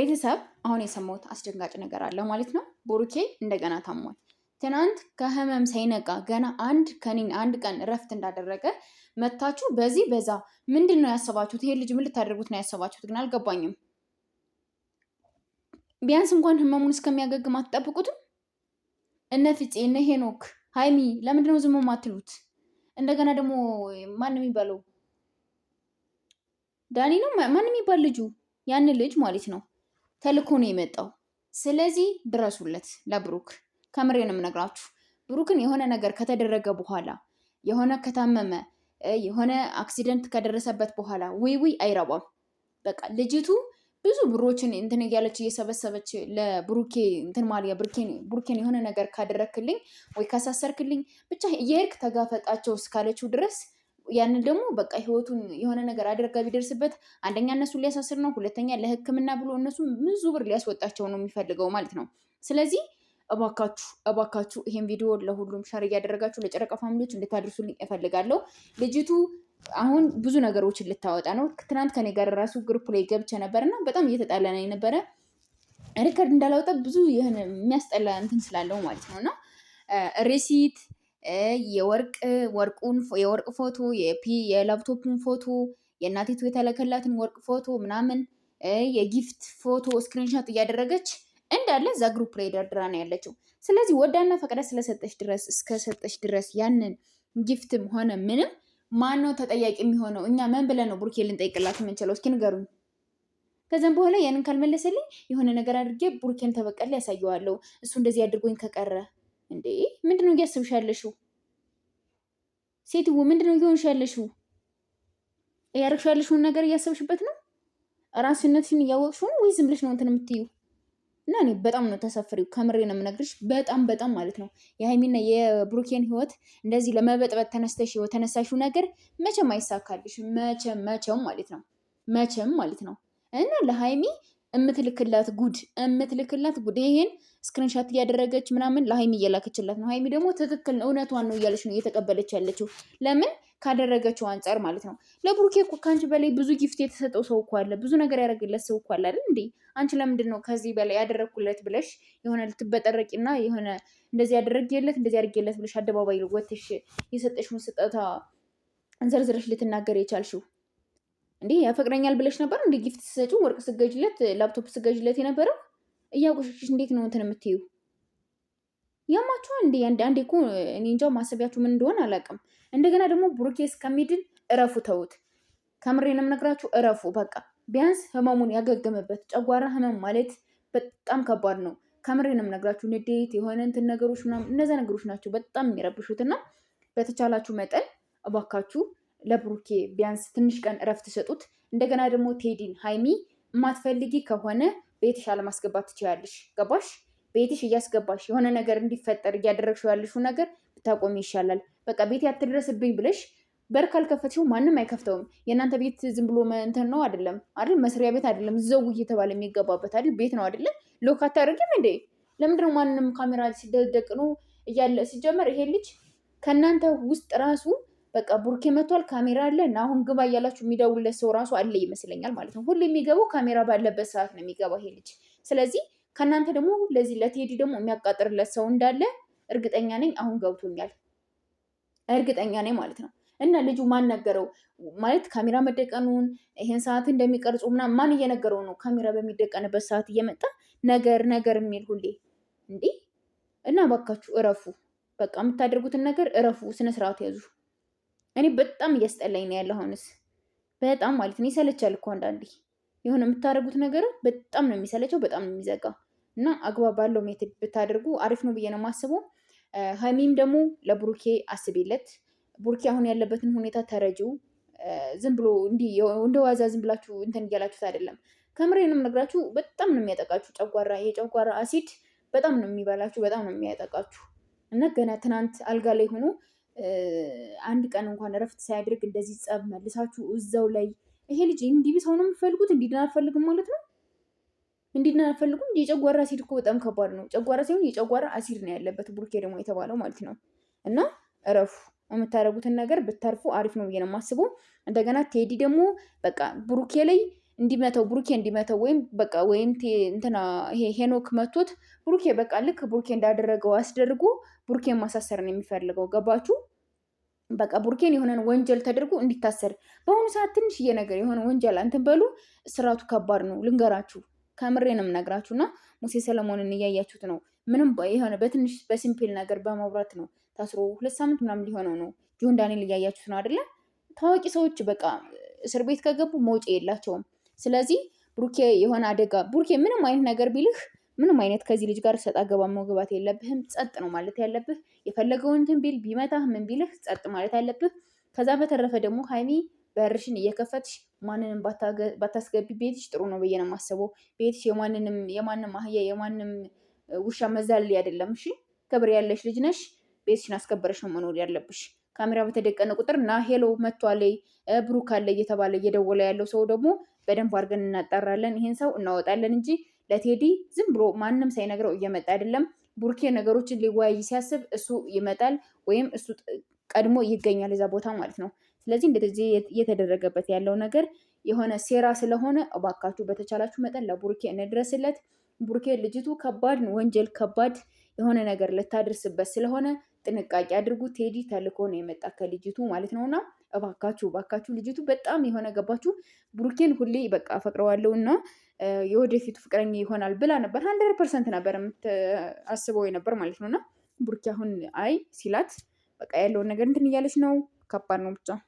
ቤተሰብ አሁን የሰማሁት አስደንጋጭ ነገር አለ ማለት ነው። ቡሩኬ እንደገና ታሟል። ትናንት ከህመም ሳይነቃ ገና አንድ ከኔን አንድ ቀን እረፍት እንዳደረገ መታችሁ በዚህ በዛ ምንድን ነው ያሰባችሁት? ይሄ ልጅ ምን ልታደርጉት ነው ያሰባችሁት? ግን አልገባኝም። ቢያንስ እንኳን ህመሙን እስከሚያገግም አትጠብቁትም? እነ ፍፄ እነ ሄኖክ ሀይሚ ለምንድን ነው ዝም ማትሉት? እንደገና ደግሞ ማን የሚባለው ዳኒ ነው ማን የሚባል ልጁ ያን ልጅ ማለት ነው ተልኮ ነው የመጣው። ስለዚህ ድረሱለት ለብሩክ። ከምሬንም ነግራችሁ ብሩክን የሆነ ነገር ከተደረገ በኋላ የሆነ ከታመመ የሆነ አክሲደንት ከደረሰበት በኋላ ውይ ውይ አይረባም። በቃ ልጅቱ ብዙ ብሮችን እንትን እያለች እየሰበሰበች ለብሩኬ እንትን ማልያ ብሩኬን የሆነ ነገር ካደረክልኝ ወይ ካሳሰርክልኝ ብቻ የእርክ ተጋፈጣቸው እስካለችው ድረስ ያንን ደግሞ በቃ ህይወቱን የሆነ ነገር አደርጋ ቢደርስበት አንደኛ እነሱን ሊያሳስር ነው፣ ሁለተኛ ለህክምና ብሎ እነሱ ብዙ ብር ሊያስወጣቸው ነው የሚፈልገው ማለት ነው። ስለዚህ እባካችሁ እባካችሁ ይሄን ቪዲዮ ለሁሉም ሸር እያደረጋችሁ ለጨረቃ ፋሚሊዎች እንድታደርሱልኝ እፈልጋለሁ። ልጅቱ አሁን ብዙ ነገሮችን ልታወጣ ነው። ትናንት ከኔ ጋር ራሱ ግሩፕ ላይ ገብቼ ነበር እና በጣም እየተጣለነ የነበረ ሪከርድ እንዳላወጣ ብዙ የሚያስጠላ እንትን ስላለው ማለት ነው እና ሬሲት የወርቅ ወርቁን የወርቅ ፎቶ የፒ የላፕቶፕን ፎቶ የእናቴቱ የተለከላትን ወርቅ ፎቶ ምናምን የጊፍት ፎቶ ስክሪንሾት እያደረገች እንዳለ እዛ ግሩፕ ላይ ደርድራ ነው ያለችው። ስለዚህ ወዳና ፈቅዳ ስለሰጠች ድረስ እስከሰጠች ድረስ ያንን ጊፍትም ሆነ ምንም ማን ነው ተጠያቂ የሚሆነው? እኛ ምን ብለን ነው ቡርኬ ልንጠይቅላት የምንችለው? እስኪ ንገሩኝ። ከዚም በኋላ ያንን ካልመለሰልኝ የሆነ ነገር አድርጌ ቡርኬን ተበቀል ያሳየዋለሁ። እሱ እንደዚህ አድርጎኝ ከቀረ እንዴ ምንድነው እያስብሽ ያለሽው? ሴትዮ ምንድነው እየሆንሽ ያለሽው? እያደረግሽ ያለሽውን ነገር እያሰብሽበት ነው? ራስነትሽን እያወቅሽ ሆነ ወይ ዝም ብለሽ ነው እንትን የምትዩ እና እኔ በጣም ነው ተሰፍሪው፣ ከምሬ ነው የምነግርሽ። በጣም በጣም ማለት ነው የሀይሚና የብሩኬን ህይወት እንደዚህ ለመበጥበጥ ተነስተሽ ተነሳሽው ነገር መቼም አይሳካልሽ። መቼም መቼም ማለት ነው መቼም ማለት ነው እና ለሀይሚ እምትልክላት ጉድ እምትልክላት ጉድ ይሄን ስክሪንሻት እያደረገች ምናምን ለሀይሚ እየላከችላት ነው። ሀይሚ ደግሞ ትክክል ነው እውነቷን ነው እያለች ነው እየተቀበለች ያለችው። ለምን ካደረገችው አንጻር ማለት ነው። ለብሩኬ እኮ ከአንቺ በላይ ብዙ ጊፍት የተሰጠው ሰው እኮ አለ፣ ብዙ ነገር ያደረግለት ሰው እኮ አለ አይደል እንዴ? አንቺ ለምንድን ነው ከዚህ በላይ ያደረግኩለት ብለሽ የሆነ ልትበጠረቂና የሆነ እንደዚህ ያደረግለት እንደዚህ ያደርግለት ብለሽ አደባባይ ወተሽ የሰጠሽውን ስጠታ ዘርዝረሽ ልትናገር የቻልሽው? እንዴ ያፈቅረኛል ብለሽ ነበር እንዴ ጊፍት ስሰጪው ወርቅ ስገጅለት ላፕቶፕ ስገጅለት የነበረው እያቆሸሽሽ እንዴት ነው እንትን የምትዩ ያማችኋል እንዴ አንዴ እኮ እኔ እንጃው ማሰቢያችሁ ምን እንደሆነ አላውቅም እንደገና ደግሞ ብሩኬ እስከሚድን እረፉ ተውት ነው ነግራችሁ እረፉ በቃ ቢያንስ ህመሙን ያገገመበት ጨጓራ ህመም ማለት በጣም ከባድ ነው ነው ነግራችሁ ንዴት የሆነ እንትን ነገሮች ምናምን እነዚያ ነገሮች ናቸው በጣም የሚረብሹትና በተቻላችሁ መጠን እባካችሁ ለብሩኬ ቢያንስ ትንሽ ቀን እረፍት ሰጡት። እንደገና ደግሞ ቴዲን ሀይሚ የማትፈልጊ ከሆነ ቤትሽ አለማስገባት ትችያለሽ። ገባሽ? ቤትሽ እያስገባሽ የሆነ ነገር እንዲፈጠር እያደረግሽው ያለሽው ነገር ብታቆሚ ይሻላል። በቃ ቤት ያትድረስብኝ ብለሽ በር ካልከፈትሽው ማንም አይከፍተውም። የእናንተ ቤት ዝም ብሎ እንትን ነው አይደለም አይደል? መስሪያ ቤት አይደለም፣ ዘው እየተባለ የሚገባበት አይደል? ቤት ነው አይደለም? ሎክ አታደርጊም እንዴ? ለምንድነው ማንም ካሜራ ሲደደቅ ነው እያለ ሲጀመር ይሄ ልጅ ከእናንተ ውስጥ ራሱ በቃ ቡርኬ መቷል፣ ካሜራ አለ እና አሁን ግባ እያላችሁ የሚደውለት ሰው ራሱ አለ ይመስለኛል ማለት ነው። ሁሌ የሚገባው ካሜራ ባለበት ሰዓት ነው የሚገባው ይሄ ልጅ። ስለዚህ ከእናንተ ደግሞ ለዚህ ለቴዲ ደግሞ የሚያቃጥርለት ሰው እንዳለ እርግጠኛ ነኝ። አሁን ገብቶኛል፣ እርግጠኛ ነኝ ማለት ነው። እና ልጁ ማን ነገረው ማለት ካሜራ መደቀኑን ይህን ሰዓት እንደሚቀርጹ ምናምን ማን እየነገረው ነው? ካሜራ በሚደቀንበት ሰዓት እየመጣ ነገር ነገር የሚል ሁሌ እንዲህ እና ባካችሁ እረፉ፣ በቃ የምታደርጉትን ነገር እረፉ፣ ስነስርዓት ያዙ። እኔ በጣም እያስጠላኝ ነው ያለው። አሁንስ በጣም ማለት ነው ይሰለቻል እኮ አንዳንዴ የሆነ የምታደርጉት ነገር በጣም ነው የሚሰለቸው፣ በጣም ነው የሚዘጋው። እና አግባብ ባለው ሜትድ ብታደርጉ አሪፍ ነው ብዬ ነው የማስበው። ሀሚም ደግሞ ለቡሩኬ አስቤለት፣ ቡሩኬ አሁን ያለበትን ሁኔታ ተረጂው። ዝም ብሎ እንዲህ እንደ ዋዛ ዝም ብላችሁ እንትን እያላችሁት አይደለም። ነው ነግራችሁ በጣም ነው የሚያጠቃችሁ። ጨጓራ የጨጓራ አሲድ በጣም ነው የሚበላችሁ፣ በጣም ነው የሚያጠቃችሁ እና ገና ትናንት አልጋ ላይ ሆኖ አንድ ቀን እንኳን እረፍት ሳያደርግ እንደዚህ ጸብ መልሳችሁ እዛው ላይ ይሄ ልጅ እንዲህ ሰው ነው የምፈልጉት፣ እንዲድን አልፈልግም ማለት ነው። እንዲድን አልፈልጉም። የጨጓራ አሲድ እኮ በጣም ከባድ ነው። ጨጓራ ሳይሆን የጨጓራ አሲድ ነው ያለበት ቡርኬ ደግሞ የተባለው ማለት ነው። እና እረፉ። የምታደርጉትን ነገር ብታርፉ አሪፍ ነው ብዬ ነው የማስበው። እንደገና ቴዲ ደግሞ በቃ ብሩኬ ላይ እንዲመተው ቡሩኬ እንዲመተው ወይም በቃ ወይም እንትና ይሄ ሄኖክ መቶት ቡሩኬ በቃ ልክ ብሩኬ እንዳደረገው አስደርጎ ቡሩኬ ማሳሰር ነው የሚፈልገው። ገባችሁ? በቃ ቡርኬን የሆነን ወንጀል ተደርጎ እንዲታሰር በአሁኑ ሰዓት ትንሽዬ ነገር የሆነ ወንጀል አንትን በሉ ስራቱ ከባድ ነው። ልንገራችሁ ከምሬ ነው የምነግራችሁ። እና ሙሴ ሰለሞንን እያያችሁት ነው። ምንም የሆነ በትንሽ በሲምፕል ነገር በመብራት ነው ታስሮ ሁለት ሳምንት ምናምን ሊሆነው ነው። ጆን ዳንኤል እያያችሁት ነው አደለ? ታዋቂ ሰዎች በቃ እስር ቤት ከገቡ መውጫ የላቸውም። ስለዚህ ቡርኬ የሆነ አደጋ ቡርኬ ምንም አይነት ነገር ቢልህ ምንም አይነት ከዚህ ልጅ ጋር ሰጣ ገባ መግባት የለብህም። ጸጥ ነው ማለት ያለብህ። የፈለገውን እንትን ቢል ቢመታህ ምን ቢልህ ጸጥ ማለት ያለብህ። ከዛ በተረፈ ደግሞ ሀይሚ በርሽን እየከፈትሽ ማንንም ባታስገቢ ቤትሽ ጥሩ ነው ብዬ ነው የማስበው። ቤትሽ የማንንም የማንም አህያ የማንም ውሻ መዛል አይደለም። እሺ ክብር ያለሽ ልጅ ነሽ። ቤትሽን አስከበረሽ ነው መኖር ያለብሽ። ካሜራ በተደቀነ ቁጥር ና ሄሎ መጥቶ ብሩክ አለ እየተባለ እየደወለ ያለው ሰው ደግሞ በደንብ አድርገን እናጣራለን፣ ይህን ሰው እናወጣለን እንጂ ለቴዲ ዝም ብሎ ማንም ሳይነግረው እየመጣ አይደለም። ቡርኬ ነገሮችን ሊወያይ ሲያስብ እሱ ይመጣል ወይም እሱ ቀድሞ ይገኛል እዛ ቦታ ማለት ነው። ስለዚህ እንደዚህ እየተደረገበት ያለው ነገር የሆነ ሴራ ስለሆነ እባካችሁ በተቻላችሁ መጠን ለቡርኬ እንድረስለት። ቡርኬ ልጅቱ ከባድ ወንጀል ከባድ የሆነ ነገር ልታደርስበት ስለሆነ ጥንቃቄ አድርጉ። ቴዲ ተልኮ ነው የመጣ ከልጅቱ ማለት ነውና እባካችሁ እባካችሁ ልጅቱ በጣም የሆነ ገባችሁ ብሩኬን ሁሌ በቃ አፈቅረዋለሁ እና የወደፊቱ ፍቅረኛ ይሆናል ብላ ነበር። ሀንድረድ ፐርሰንት ነበር የምታስበው ነበር ማለት ነው። እና ብሩኬ አሁን አይ ሲላት በቃ ያለውን ነገር እንትን እያለች ነው። ከባድ ነው ብቻ